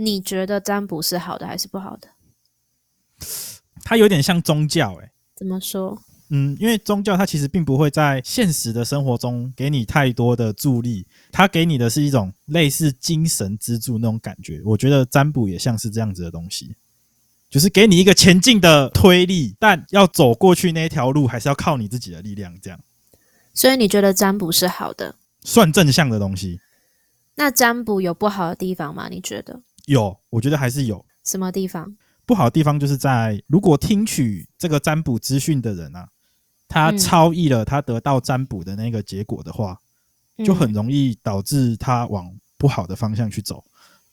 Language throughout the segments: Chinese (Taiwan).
你覺得占卜是好的還是不好的？它有點像宗教。欸，誒，怎麼說？嗯，因為宗教它其實並不會在現實的生活中給你太多的助力，它給你的是一種類似精神支柱那種感覺。我覺得占卜也像是這樣子的東西，就是給你一個前進的推力，但要走過去那條路，還是要靠你自己的力量。這樣，所以你覺得占卜是好的，算正向的東西。那占卜有不好的地方嗎？你覺得？有，我覺得還是有。什麼地方不好？地方就是在如果聽取這個占卜資訊的人啊，他超譯了他得到占卜的那個結果的話，嗯、就很容易導致他往不好的方向去走。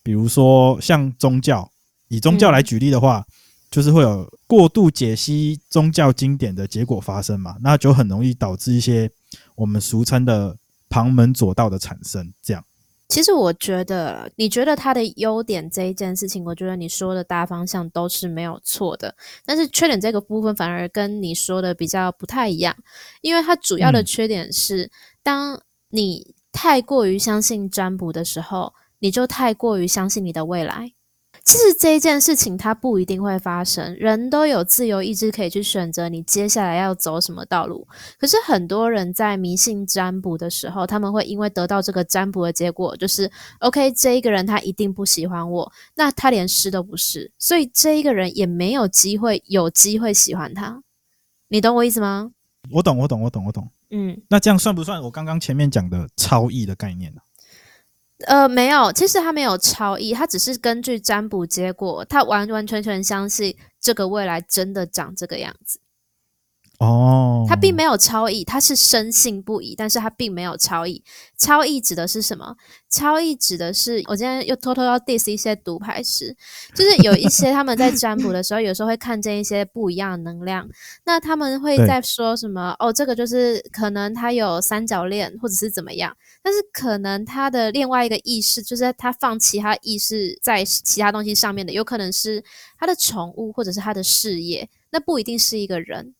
比如說像宗教，以宗教來舉例的話，嗯、就是會有過度解析宗教經典的結果發生嘛，那就很容易導致一些我們俗稱的旁門左道的產生，這樣。其實我覺得，你覺得他的優點這一件事情，我覺得你說的大方向都是沒有錯的，但是缺點這個部分，反而跟你說的比較不太一樣，因為它主要的缺點是，當你太過於相信占卜的時候，你就太過於相信你的未來。其實這一件事情它不一定會發生，人都有自由意志可以去選擇你接下來要走什麼道路。可是很多人在迷信占卜的時候，他們會因為得到這個占卜的結果，就是 OK，這一個人他一定不喜歡我，那他連詩都不是，所以這一個人也沒有機會有機會喜歡他。你懂我意思嗎？我懂，我懂，我懂，我懂。嗯，那這樣算不算我剛剛前面講的超意的概念呢、啊？呃，沒有，其實他沒有超譯，他只是根據占卜結果，他完完全全相信這個未來真的長這個樣子。哦，oh. 他並沒有超譯，他是深信不疑，但是他並沒有超譯。超譯指的是什麼？超譯指的是我今天又偷偷要 diss 一些讀牌師，就是有一些他們在占卜的時候， 有時候會看見一些不一樣的能量，那他們會在說什麼？對哦，這個就是可能他有三角戀，或者是怎麼樣？但是可能他的另外一個意識，就是他放其他意識在其他東西上面的，有可能是他的寵物，或者是他的事業，那不一定是一個人。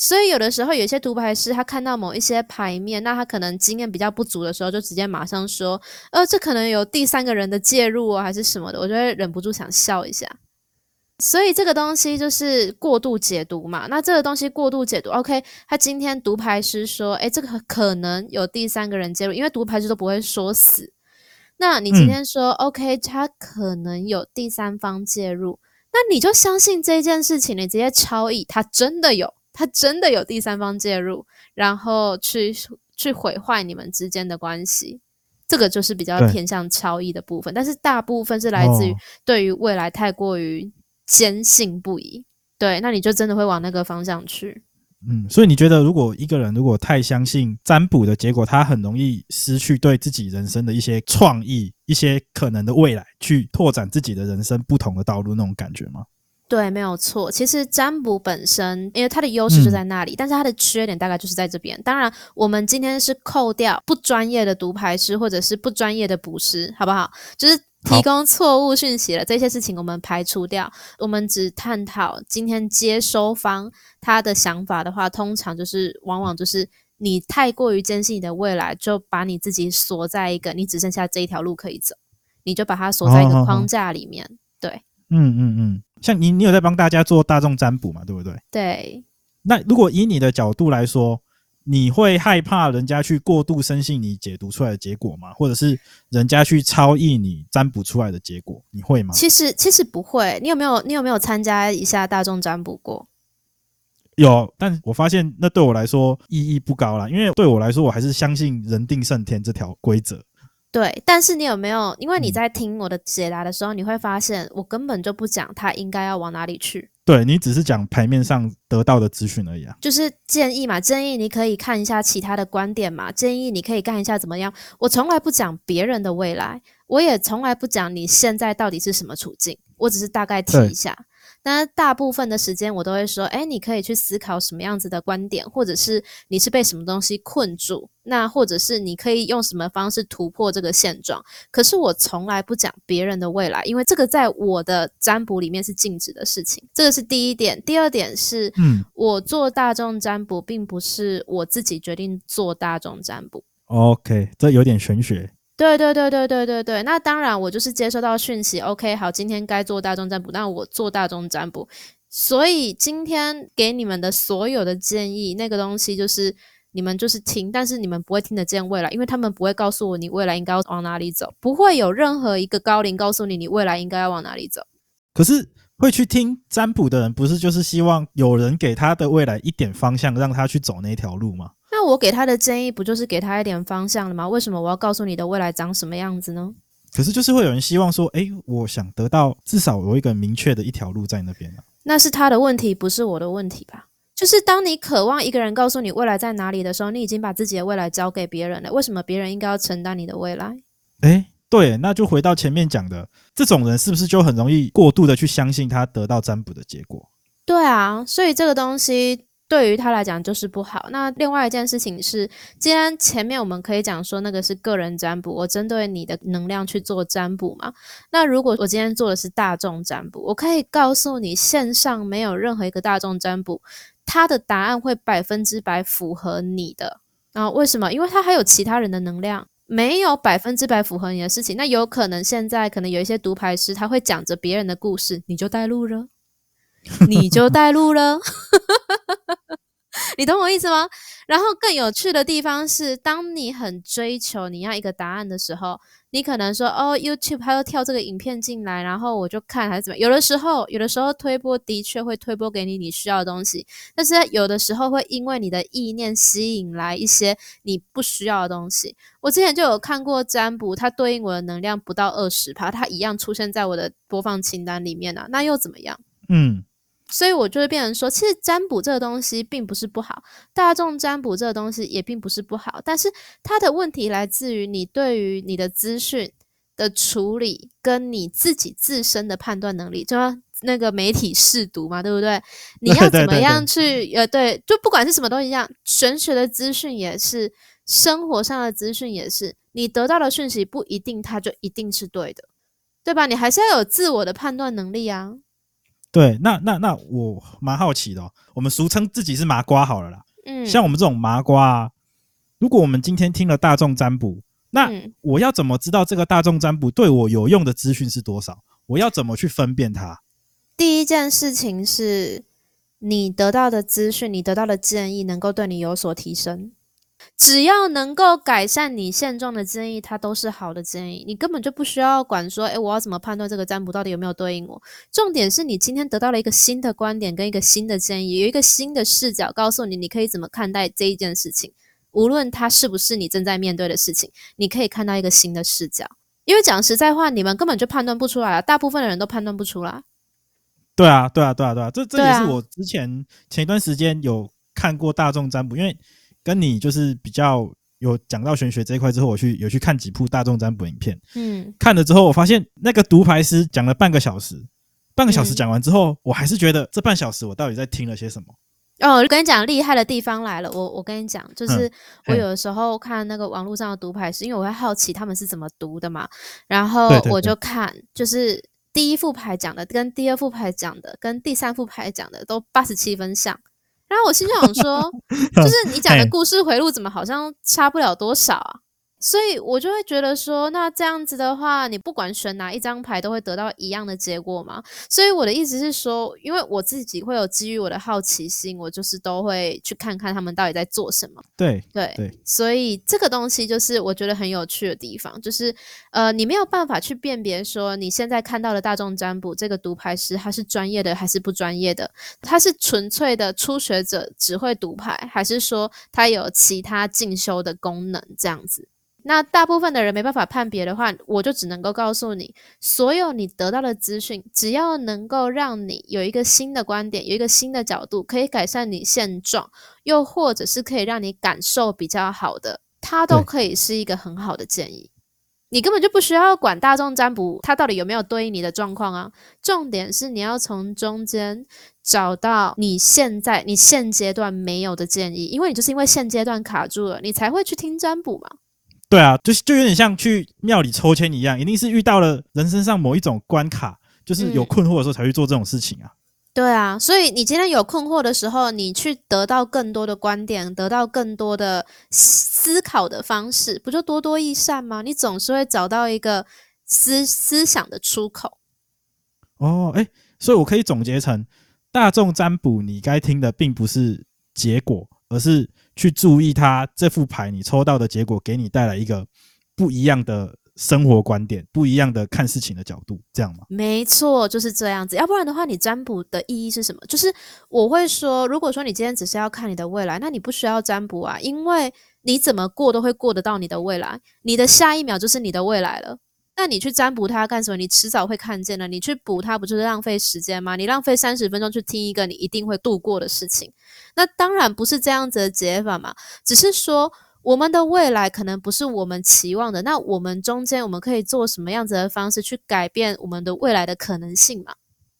所以有的時候有些讀牌師，他看到某一些牌面，那他可能經驗比較不足的時候，就直接馬上說：“呃，這可能有第三個人的介入哦，還是什麼的。”我就會忍不住想笑一下。所以這個東西就是過度解讀嘛？那這個東西過度解讀，OK？他今天讀牌師說：“哎，這個可能有第三個人介入。”因為讀牌師都不會說死。那你今天說，嗯、OK，他可能有第三方介入，那你就相信這件事情，你直接超譯，他真的有。他真的有第三方介入，然後去去毀壞你們之間的關係，這個就是比較偏向超意的部分。對但是大部分是來自於對於未來太過於堅信不疑，哦、對，那你就真的會往那個方向去。嗯，所以你覺得，如果一個人如果太相信占卜的結果，他很容易失去對自己人生的一些創意、一些可能的未來，去拓展自己的人生不同的道路那種感覺嗎？對，沒有錯。其實占卜本身，因為它的優勢就在那裡，嗯、但是它的缺點大概就是在這邊。當然，我們今天是扣掉不專業的讀牌師或者是不專業的卜師，好不好？就是提供錯誤訊息了，好這些事情我們排除掉。我們只探討今天接收方他的想法的話，通常就是往往就是你太過於堅信你的未來，就把你自己鎖在一個，你只剩下這一條路可以走，你就把它鎖在一個框架裡面。哦哦哦對，嗯嗯嗯。嗯嗯像你，你有在幫大家做大眾占卜嘛，對不對？對。那如果以你的角度來說，你會害怕人家去過度深信你解讀出來的結果嗎？或者是人家去超譯你占卜出來的結果，你會嗎？其實其實不會。你有沒有你有沒有參加一下大眾占卜過？有，但我發現那對我來說意義不高啦，因為對我來說，我還是相信“人定勝天”這條規則。對，但是你有沒有？因為你在聽我的解答的時候，嗯，你會發現我根本就不講他應該要往哪裡去。對，你只是講牌面上得到的資訊而已啊，就是建議嘛，建議你可以看一下其他的觀點嘛，建議你可以看一下怎麼樣。我從來不講別人的未來，我也從來不講你現在到底是什麼處境，我只是大概提一下。那大部分的時間，我都會說，哎、欸，你可以去思考什麼樣子的觀點，或者是你是被什麼東西困住，那或者是你可以用什麼方式突破這個現狀。可是我從來不講別人的未來，因為這個在我的占卜裡面是禁止的事情。這個是第一點，第二點是，嗯，我做大眾占卜、嗯、並不是我自己決定做大眾占卜。OK，這有點玄學。對對對對對對對，那當然我就是接收到訊息，OK，好，今天該做大眾占卜，那我做大眾占卜，所以今天給你們的所有的建議，那個東西就是你們就是聽，但是你們不會聽得見未來，因為他們不會告訴我你未來應該往哪裡走，不會有任何一個高靈告訴你你未來應該要往哪裡走。可是會去聽占卜的人，不是就是希望有人給他的未來一點方向，讓他去走那條路嗎？那我給他的建議不就是給他一點方向了嗎？為什麼我要告訴你的未來長什麼樣子呢？可是就是會有人希望說，欸，我想得到至少有一個明確的一條路在那邊啊。那是他的問題，不是我的問題吧？就是當你渴望一個人告訴你未來在哪裡的時候，你已經把自己的未來交給別人了。為什麼別人應該要承擔你的未來？欸，對，那就回到前面講的，這種人是不是就很容易過度的去相信他得到占卜的結果？對啊，所以這個東西。對於他來講就是不好。那另外一件事情是，既然前面我們可以講說那個是個人占卜，我針對你的能量去做占卜嘛。那如果我今天做的是大眾占卜，我可以告訴你，線上沒有任何一個大眾占卜，他的答案會百分之百符合你的。啊，為什麼？因為他還有其他人的能量，沒有百分之百符合你的事情。那有可能現在可能有一些讀牌師，他會講着別人的故事，你就帶路了。 你就帶路了， 你懂我意思嗎？然後更有趣的地方是，當你很追求你要一個答案的時候，你可能說哦，YouTube 它要跳這個影片進來，然後我就看還是怎麼樣？有的時候，有的時候推播的確會推播給你你需要的東西，但是有的時候會因為你的意念吸引來一些你不需要的東西。我之前就有看過占卜，它對應我的能量不到二十趴，它它一樣出現在我的播放清單裡面啊，那又怎麼樣？嗯。所以我就會變成說，其實占卜這個東西並不是不好，大眾占卜這個東西也並不是不好，但是它的問題來自於你對於你的資訊的處理，跟你自己自身的判斷能力，就像那個媒體識讀嘛，對不對？你要怎麼樣去對對對對呃，對，就不管是什麼都一樣，玄學，學的資訊也是，生活上的資訊也是，你得到的訊息不一定它就一定是對的，對吧？你還是要有自我的判斷能力啊。對，那那那我蠻好奇的喔，我們俗稱自己是麻瓜好了啦。嗯，像我們這種麻瓜，如果我們今天聽了大眾占卜，那我要怎麼知道這個大眾占卜對我有用的資訊是多少？我要怎麼去分辨它？第一件事情是，你得到的資訊，你得到的建議，能夠對你有所提升。只要能夠改善你現狀的建議，它都是好的建議。你根本就不需要管說，哎、欸，我要怎麼判斷這個占卜到底有沒有對應我？重點是你今天得到了一個新的觀點跟一個新的建議，有一個新的視角告訴你，你可以怎麼看待這一件事情，無論它是不是你正在面對的事情，你可以看到一個新的視角。因為講實在話，你們根本就判斷不出來了，大部分的人都判斷不出來。對啊，對啊，對啊，對啊，這這也是我之前、啊、前一段時間有看過大眾占卜，因為。跟你就是比較有講到玄學這一塊之後，我去有去看幾部大眾占卜影片，嗯，看了之後，我發現那個讀牌師講了半個小時，半個小時講完之後，嗯，我還是覺得這半小時我到底在聽了些什麼？哦，我跟你講厲害的地方來了，我我跟你講，就是，嗯，我有的時候看那個網絡上的讀牌師，因為我會好奇他們是怎麼讀的嘛，然後我就看，就是第一副牌講的跟第二副牌講的跟第三副牌講的都八十七分像。 然後我心想說， 就是你講的故事回路怎麼好像差不了多少啊？所以我就會覺得說，那這樣子的話，你不管選哪一張牌，都會得到一樣的結果嘛？所以我的意思是說，因為我自己會有基於我的好奇心，我就是都會去看看他們到底在做什麼。對對，對，所以這個東西就是我覺得很有趣的地方，就是呃，你沒有辦法去辨別說你現在看到的大眾占卜這個讀牌師他是專業的還是不專業的，他是純粹的初學者只會讀牌，還是說他有其他進修的功能這樣子。那大部分的人沒辦法判別的話，我就只能夠告訴你，所有你得到的資訊，只要能夠讓你有一個新的觀點，有一個新的角度，可以改善你現狀，又或者是可以讓你感受比較好的，它都可以是一個很好的建議。對你根本就不需要管大眾占卜，它到底有沒有對應你的狀況啊。重點是你要從中間找到你現在，你現階段沒有的建議，因為你就是因為現階段卡住了，你才會去聽占卜嘛。對啊，就就有點像去廟裡抽籤一樣，一定是遇到了人身上某一種關卡，就是有困惑的時候才去做這種事情啊。嗯、對啊，所以你今天有困惑的時候，你去得到更多的觀點，得到更多的思考的方式，不就多多益善嗎？你總是會找到一個思思想的出口。哦，哎、欸，所以我可以總結成：大眾占卜，你該聽的並不是結果，而是。去注意他這副牌，你抽到的結果給你帶來一個不一樣的生活觀點，不一樣的看事情的角度，這樣嗎？沒錯，就是這樣子。要不然的話，你占卜的意義是什麼？就是我會說，如果說你今天只是要看你的未來，那你不需要占卜啊，因為你怎麼過都會過得到你的未來，你的下一秒就是你的未來了。那你去占卜它幹什麼？你遲早會看見的。你去卜它，不就是浪費時間嗎？你浪費三十分鐘去聽一個你一定會度過的事情，那當然不是這樣子的解法嘛。只是說，我們的未來可能不是我們期望的。那我們中間，我們可以做什麼樣子的方式去改變我們的未來的可能性嘛？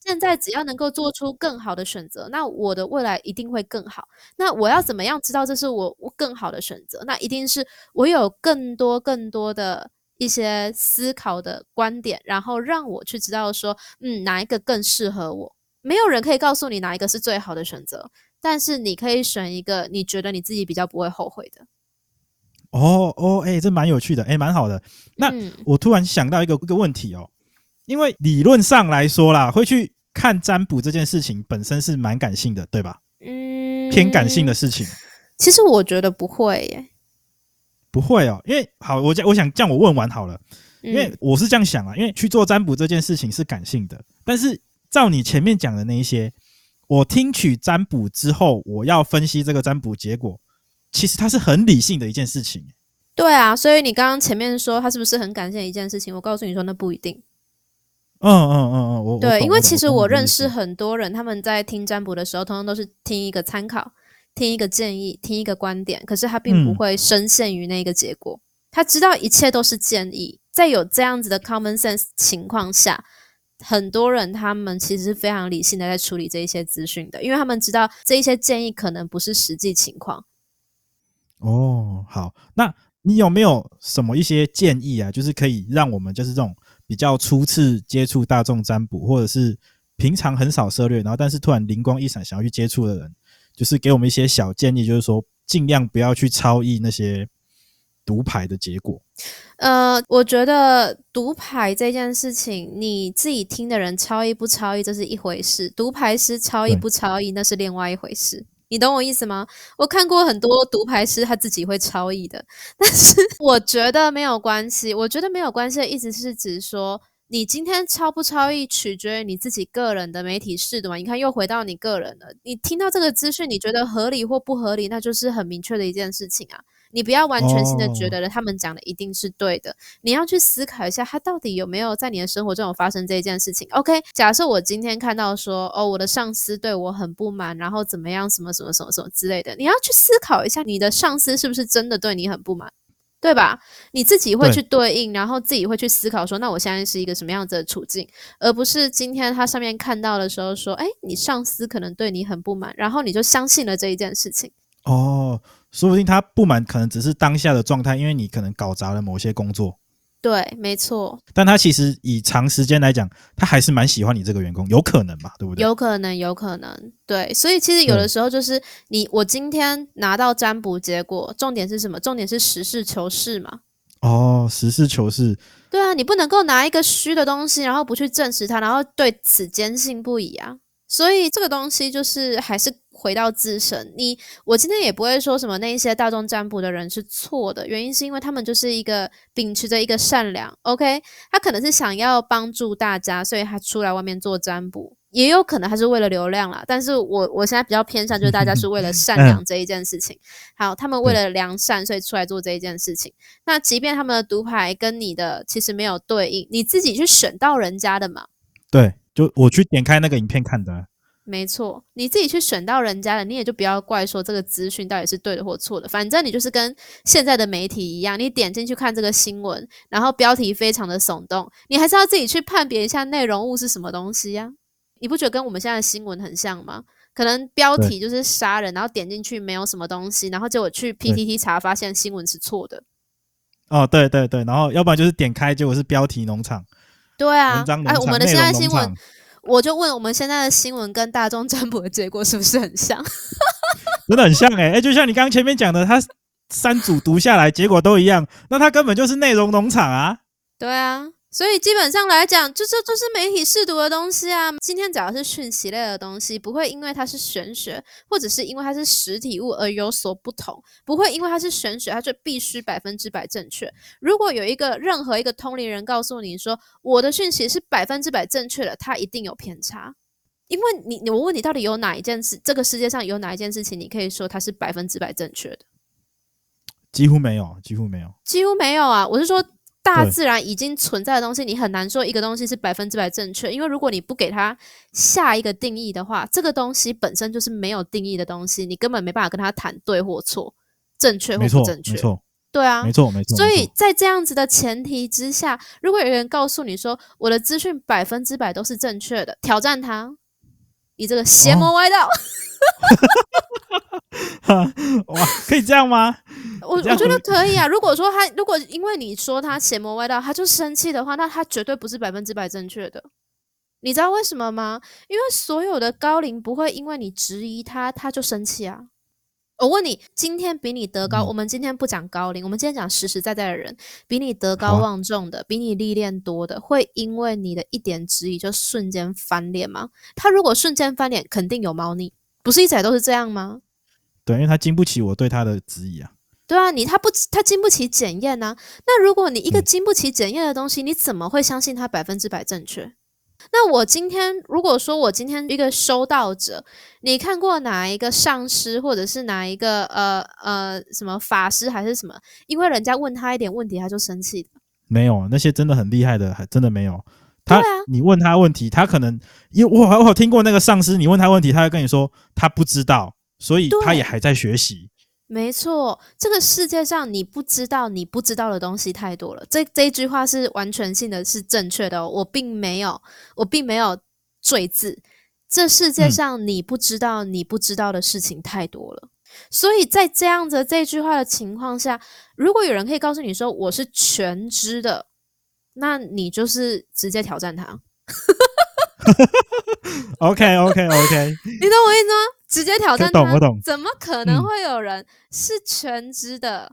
現在只要能夠做出更好的選擇，那我的未來一定會更好。那我要怎麼樣知道這是我我更好的選擇？那一定是我有更多更多的。一些思考的觀點，然後讓我去知道說，嗯，哪一個更適合我？沒有人可以告訴你哪一個是最好的選擇，但是你可以選一個你覺得你自己比較不會後悔的。哦哦，哎、哦欸，這蠻有趣的，哎、欸，蠻好的。那、嗯、我突然想到一個一個問題哦、喔，因為理論上來說啦，會去看占卜這件事情本身是蠻感性的，對吧？嗯，偏感性的事情。其實我覺得不會耶、欸。不會哦，因為好，我我我想這樣，我問完好了，嗯、因為我是這樣想啊，因為去做占卜這件事情是感性的，但是照你前面講的那一些，我聽取占卜之後，我要分析這個占卜結果，其實它是很理性的一件事情。對啊，所以你剛剛前面說它是不是很感性的一件事情？我告訴你說那不一定。嗯嗯嗯嗯，我對，我懂，因為其實我認識很多人，懂，他，他們在聽占卜的時候，通常都是聽一個參考。聽一個建議，聽一個觀點，可是他並不會深陷於那個結果。嗯、他知道一切都是建議，在有這樣子的 common sense 情況下，很多人他們其實是非常理性的在處理這一些資訊的，因為他們知道這一些建議可能不是實際情況。哦，好，那你有沒有什麼一些建議啊？就是可以讓我們就是這種比較初次接觸大眾占卜，或者是平常很少涉獵，然後但是突然靈光一閃想要去接觸的人。就是給我們一些小建議，就是說盡量不要去超譯那些讀牌的結果。呃，我覺得讀牌這件事情，你自己聽的人超譯不超譯，這是一回事，讀牌師超譯不超譯，那是另外一回事。對你懂我意思嗎？我看過很多讀牌師他自己會超譯的，但是我覺得沒有關係。我覺得沒有關係的意思是指說，你今天超不超一取決於你自己個人的媒體識讀嘛。你看，又回到你個人了。你聽到這個資訊，你覺得合理或不合理，那就是很明確的一件事情啊。你不要完全性的覺得了，他們講的一定是對的。Oh. 你要去思考一下，他到底有沒有在你的生活中有發生這一件事情。OK，假設我今天看到說，哦，我的上司對我很不滿，然後怎麼樣，什麼什麼什麼什麼之類的，你要去思考一下，你的上司是不是真的對你很不滿？對吧？你自己會去對應，對，然後自己會去思考說，那我現在是一個什麼樣子的處境，而不是今天他上面看到的時候說，哎，你上司可能對你很不滿，然後你就相信了這一件事情。哦，說不定他不滿可能只是當下的狀態，因為你可能搞砸了某些工作。對，沒錯。但他其實以長時間來講，他還是蠻喜歡你這個員工，有可能嘛？對不對？有可能，有可能。對，所以其實有的時候就是、嗯、你，我今天拿到占卜結果，重點是什麼？重點是實事求是嘛。哦，實事求是。對啊，你不能夠拿一個虛的東西，然後不去證實它，然後對此堅信不疑啊。所以這個東西就是還是回到自身。你我今天也不會說什麼那一些大眾占卜的人是錯的，原因是因為他們就是一個秉持着一個善良，OK？他可能是想要幫助大家，所以他出來外面做占卜，也有可能還是為了流量啦，但是我我，現在比較偏向就是大家是為了善良這一件事情，好，他們為了良善，所以出來做這一件事情。那即便他們的讀牌跟你的其實沒有對應，你自己去選到人家的嘛？對。就我去點開那個影片看的。啊，沒錯，你自己去選到人家了，你也就不要怪說這個資訊到底是對的或錯的，反正你就是跟現在的媒體一樣，你點進去看這個新聞，然後標題非常的聳動，你還是要自己去判別一下內容物是什麼東西呀。啊？你不覺得跟我們現在的新聞很像嗎？可能標題就是殺人，對然後點進去沒有什麼東西，然後結果去 PTT 查對發現新聞是錯的。哦，對對對，然後要不然就是點開結果是標題農場。對啊，哎，我們的現在新聞，我就問我們現在的新聞跟大眾占卜的結果是不是很像？ 真的很像哎，欸欸，就像你剛剛前面講的，他三組讀下來 結果都一樣，那他根本就是內容農場啊！對啊。所以基本上來講，就這就，就是媒體識讀的東西啊。今天講的是訊息類的東西，不會因為它是玄學，或者是因為它是實體物而有所不同。不會因為它是玄學，它就必須百分之百正確。如果有一個任何一個通靈人告訴你說我的訊息是百分之百正確的，它一定有偏差。因為你，我問你，到底有哪一件事，這個世界上有哪一件事情，你可以說它是百分之百正確的？幾乎沒有，幾乎沒有，幾乎沒有啊！我是說。大自然已經存在的東西，對你很難說一個東西是百分之百正確，因為如果你不給它下一個定義的話，這個東西本身就是沒有定義的東西，你根本沒辦法跟他談對或錯，正確或不正確。沒錯對啊，沒錯沒錯。所以在這樣子的前提之下，如果有人告訴你說我的資訊百分之百都是正確的，挑戰他。你這個邪魔歪道，哦。 哇，可以這樣嗎？我我覺得可以啊。如果說他，如果因為你說他邪魔歪道，他就生氣的話，那他絕對不是百分之百正確的。你知道為什麼嗎？因為所有的高靈不會因為你質疑他，他就生氣啊。我、哦、問你，今天比你德高，嗯、我們今天不講高齡，我們今天講實實在在的人，比你德高望重的，啊、比你歷練多的，會因為你的一點質疑就瞬間翻臉嗎？他如果瞬間翻臉，肯定有貓膩，不是一直都是這樣嗎？對，因為他經不起我對他的質疑啊。對啊，你他不他經不起檢驗啊。那如果你一個經不起檢驗的東西，嗯、你怎麼會相信他百分之百正確？那我今天如果說，我今天一個修道者，你看過哪一個上師或者是哪一個呃呃什麼法師還是什麼？因為人家問他一點問題他就生氣的，沒有啊，那些真的很厲害的，還真的沒有。他，對啊、你問他問題，他可能因為我我有聽過那個上師，你問他問題，他會跟你說他不知道，所以他也還在學習。沒錯，這個世界上你不知道你不知道的東西太多了。這這一句話是完全性的是正確的哦，我並沒有我並沒有贅字。這世界上你不知道你不知道的事情太多了，嗯，所以在這樣子的這一句話的情況下，如果有人可以告訴你說，我是全知的，那你就是直接挑戰他。 OK OK OK，你懂我意思嗎？直接挑戰他，懂懂，怎麼可能會有人，嗯、是全知的，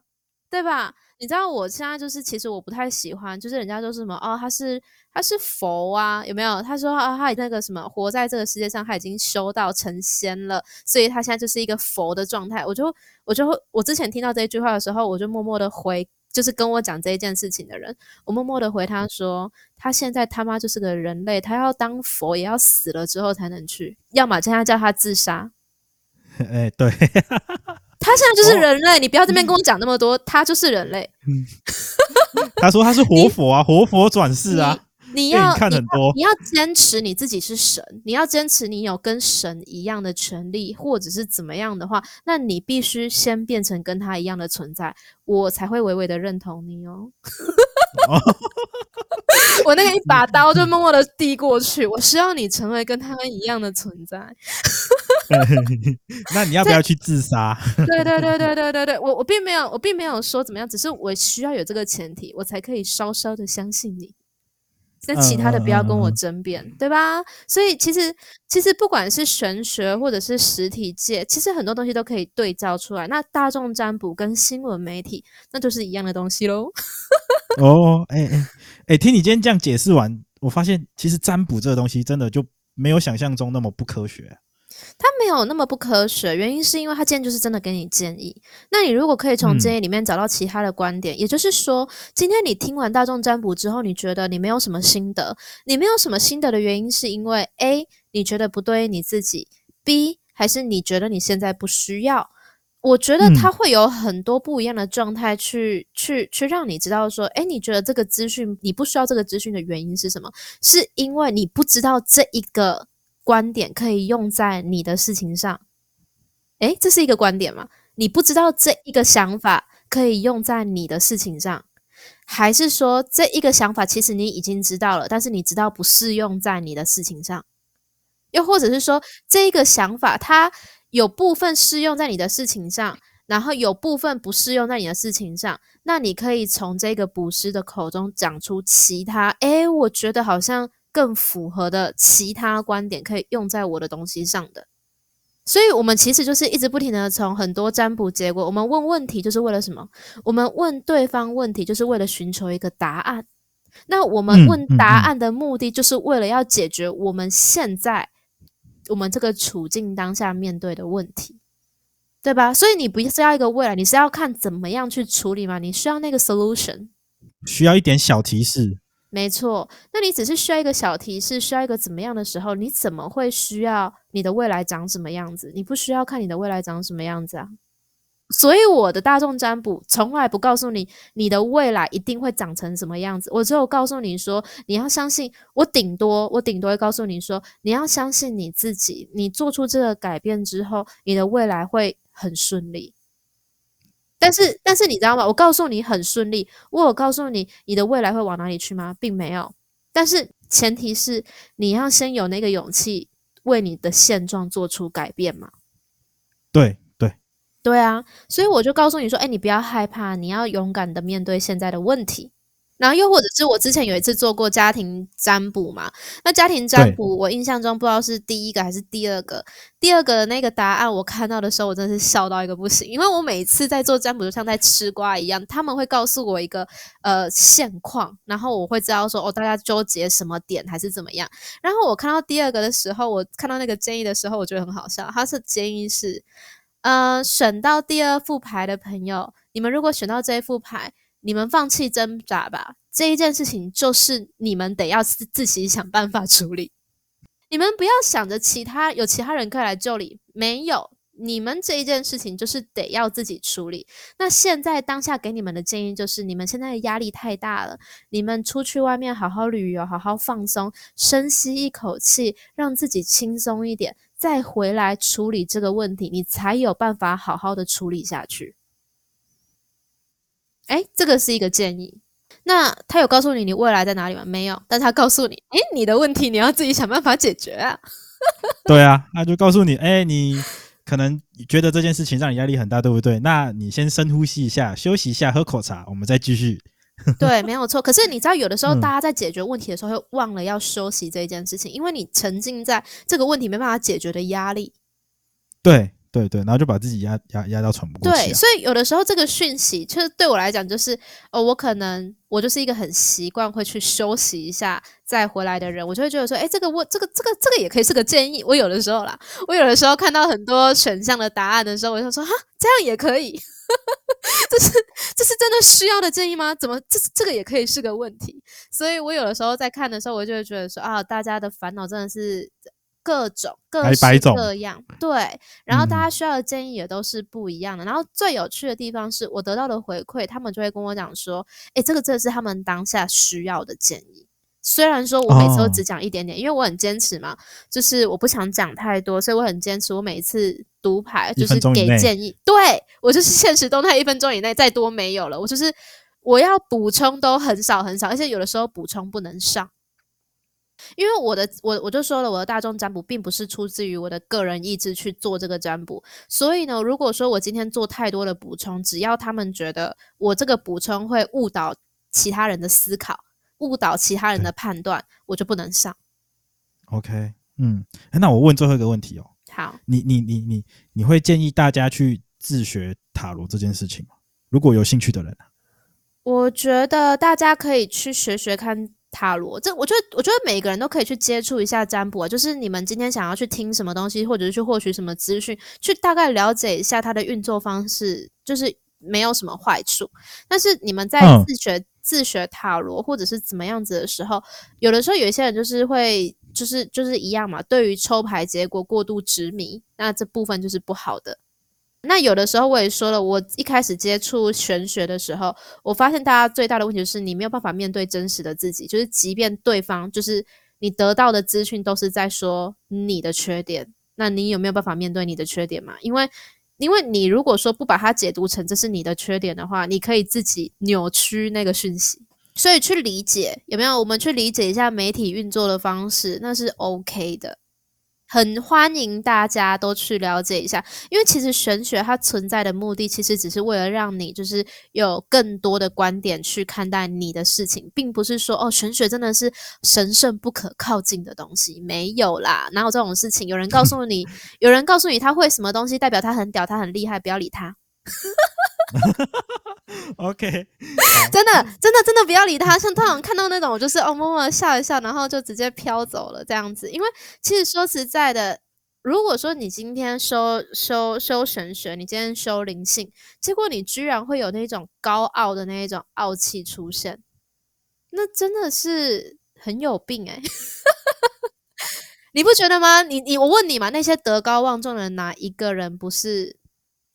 對吧？你知道我現在就是，其實我不太喜歡，就是人家說什麼哦，他是他是佛啊，有沒有？他說啊、哦，他那個什麼活在這個世界上，他已經修道成仙了，所以他現在就是一個佛的狀態。我就我就我之前聽到這一句話的時候，我就默默的回，就是跟我講這一件事情的人，我默默的回他說，他現在他媽就是個人類，他要當佛也要死了之後才能去，要麼現在叫他自殺。哎、欸，對， 他現在就是人類，哦、你不要這邊跟我講那麼多，嗯、他就是人類。嗯、 他說他是活佛啊， 你活佛轉世啊。你要，你要堅持你自己是神，你要堅持你有跟神一樣的權利，或者是怎麼樣的話，那你必須先變成跟他一樣的存在，我才會微微的認同你哦。 哦 我那個一把刀就默默的遞過去， 我需要你成為跟他們一樣的存在。 嗯、那你要不要去自殺？ 對對對對對對，我我並沒有，我並沒有說怎麼樣，只是我需要有這個前提，我才可以稍稍的相信你。那其他的不要跟我爭辯，嗯嗯、對吧？所以其實其實不管是玄學或者是實體界，其實很多東西都可以對照出來。那大眾占卜跟新聞媒體，那就是一樣的東西嘍。 哦，哎哎哎，聽你今天這樣解釋完，我發現其實占卜這個東西真的就沒有想象中那麼不科學啊。它沒有那麼不科學，原因是因為它今天就是真的給你建議。那你如果可以從建議裡面找到其他的觀點，嗯。也就是說，今天你聽完大眾占卜之後，你覺得你沒有什麼心得，你沒有什麼心得的原因是因為 A，你覺得不對你自己；B，還是你覺得你現在不需要？我覺得他會有很多不一樣的狀態去，嗯、去去去讓你知道說，誒，你覺得這個資訊你不需要這個資訊的原因是什麼？是因為你不知道這一個觀點可以用在你的事情上？誒，這是一個觀點嗎？你不知道這一個想法可以用在你的事情上，還是說這一個想法其實你已經知道了，但是你知道不適用在你的事情上？又或者是說這一個想法它？有部分適用在你的事情上，然後有部分不適用在你的事情上。那你可以從這個卜師的口中講出其他，哎、欸，我覺得好像更符合的其他觀點，可以用在我的東西上的。所以，我們其實就是一直不停地從很多占卜結果，我們問問題就是為了什麼？我們問對方問題就是為了尋求一個答案。那我們問答案的目的就是為了要解決我們現在。我們這個處境當下面對的問題，對吧？所以你不是要一個未來，你是要看怎麼樣去處理嗎？你需要那個 solution，需要一點小提示。沒錯，那你只是需要一個小提示，需要一個怎麼樣的時候，你怎麼會需要你的未來長什麼樣子？你不需要看你的未來長什麼樣子啊。所以我的大眾占卜從來不告訴你你的未來一定會長成什麼樣子，我只有告訴你說你要相信我，頂多我頂多會告訴你說你要相信你自己，你做出這個改變之後，你的未來會很順利。但是但是你知道嗎？我告訴你很順利，我有告訴你你的未來會往哪裡去嗎？並沒有。但是前提是你要先有那個勇氣為你的現狀做出改變嘛？對。對啊，所以我就告訴你說，誒，你不要害怕，你要勇敢的面對現在的問題。然後又或者是我之前有一次做過家庭占卜嘛，那家庭占卜對我印象中不知道是第一個還是第二個，第二個的那個答案我看到的時候，我真的是笑到一個不行。因為我每次在做占卜就像在吃瓜一樣，他們會告訴我一個呃現況，然後我會知道說哦，大家糾結什麼點還是怎麼樣。然後我看到第二個的時候，我看到那個建議的時候，我覺得很好笑，他是建議是。呃，選到第二副牌的朋友，你們如果選到這一副牌，你們放棄掙扎吧。這一件事情就是你們得要自自己想辦法處理。你們不要想着其他，有其他人可以來救你，沒有。你們這一件事情就是得要自己處理。那現在當下給你們的建議就是，你們現在的壓力太大了，你們出去外面好好旅遊，好好放鬆，深吸一口氣，讓自己輕鬆一點。再回來處理這個問題，你才有辦法好好的處理下去。哎、欸，這個是一個建議。那他有告訴你你未來在哪裡嗎？沒有，但他告訴你，哎、欸，你的問題你要自己想辦法解決啊。 對啊，那就告訴你，哎、欸，你可能覺得這件事情讓你壓力很大，對不對？那你先深呼吸一下，休息一下，喝口茶，我們再繼續。 對，沒有錯。可是你知道，有的時候大家在解決問題的時候，會忘了要休息這一件事情，嗯、因為你沉浸在這個問題沒辦法解決的壓力。對對對，然後就把自己壓壓壓到喘不過氣、啊。對，所以有的時候這個訊息，其實對我來講，就是哦，我可能我就是一個很習慣會去休息一下再回來的人，我就會覺得說，誒，這個問，這個這個這個也可以是個建議。我有的時候啦，我有的時候看到很多選項的答案的時候，我就說，哈，這樣也可以。 這是這是真的需要的建議嗎？怎麼這這個也可以是個問題？所以我有的時候在看的時候，我就會覺得說啊，大家的煩惱真的是各種各式各樣，白白對。然後大家需要的建議也都是不一樣的。嗯、然後最有趣的地方是，我得到的回饋，他們就會跟我講說，哎，這個正是他們當下需要的建議。雖然說，我每次都只講一點點，oh. 因為我很堅持嘛，就是我不想講太多，所以我很堅持。我每一次讀牌就是給建議，對，我就是限時動態一分鐘以內，再多沒有了。我就是我要補充都很少很少，而且有的時候補充不能上，因為我的我我就說了，我的大眾占卜並不是出自於我的個人意志去做這個占卜，所以呢，如果說我今天做太多的補充，只要他們覺得我這個補充會誤導其他人的思考，誤導其他人的判斷，對我就不能上。OK，嗯，那我問最後一個問題哦、喔。好，你你你你你會建議大家去自學塔羅這件事情嗎？如果有興趣的人，我覺得大家可以去學學看塔羅。這，我覺得，我覺得每個人都可以去接觸一下占卜啊。就是你們今天想要去聽什麼東西，或者是去獲取什麼資訊，去大概了解一下它的運作方式，就是沒有什麼壞處。但是你們在自學、嗯。自學塔羅或者是怎麼樣子的時候，有的時候有一些人就是會就是就是一樣嘛，對於抽牌結果過度執迷，那這部分就是不好的。那有的時候我也說了，我一開始接觸玄學的時候，我發現大家最大的問題就是你沒有辦法面對真實的自己，就是即便對方就是你得到的資訊都是在說你的缺點，那你有沒有辦法面對你的缺點嘛？因為因為你如果說不把它解讀成這是你的缺點的話，你可以自己扭曲那個訊息，所以去理解，有沒有，我們去理解一下媒體運作的方式，那是 OK 的。很歡迎大家都去了解一下，因為其實玄學它存在的目的，其實只是為了讓你就是有更多的觀點去看待你的事情，並不是說哦，玄學真的是神聖不可靠近的東西，沒有啦，哪有這種事情？有人告訴你， 有人告訴你他會什麼東西，代表他很屌，他很厲害，不要理他。 哈 ，OK，, okay. 真的，真的，真的不要理他。像他，我看到那種，我就是哦，默默的笑一笑，然後就直接飄走了這樣子。因為其實說實在的，如果說你今天修修修神學，你今天修靈性，結果你居然會有那種高傲的那一種傲氣出現，那真的是很有病哎，欸！ 你不覺得嗎？你你，我問你嘛，那些德高望重的人，哪一個人不是？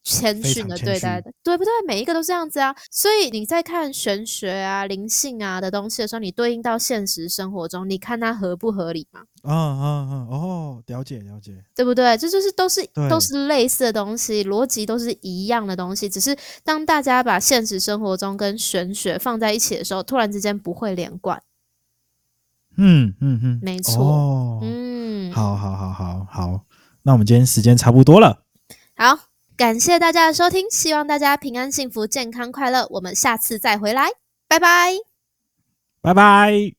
謙遜的對待的，對不對？每一個都是這樣子啊。所以你在看玄學啊、靈性啊的東西的時候，你對應到現實生活中，你看它合不合理嘛？嗯？嗯嗯嗯。哦，了解了解，對不對？這就，就是都是對都是類似的東西，邏輯都是一樣的東西，只是當大家把現實生活中跟玄學放在一起的時候，突然之間不會連貫。嗯嗯嗯，沒錯。嗯，好好好好好，那我們今天時間差不多了。好。感謝大家的收聽，希望大家平安、幸福、健康、快樂。我們下次再回來，拜拜。拜拜。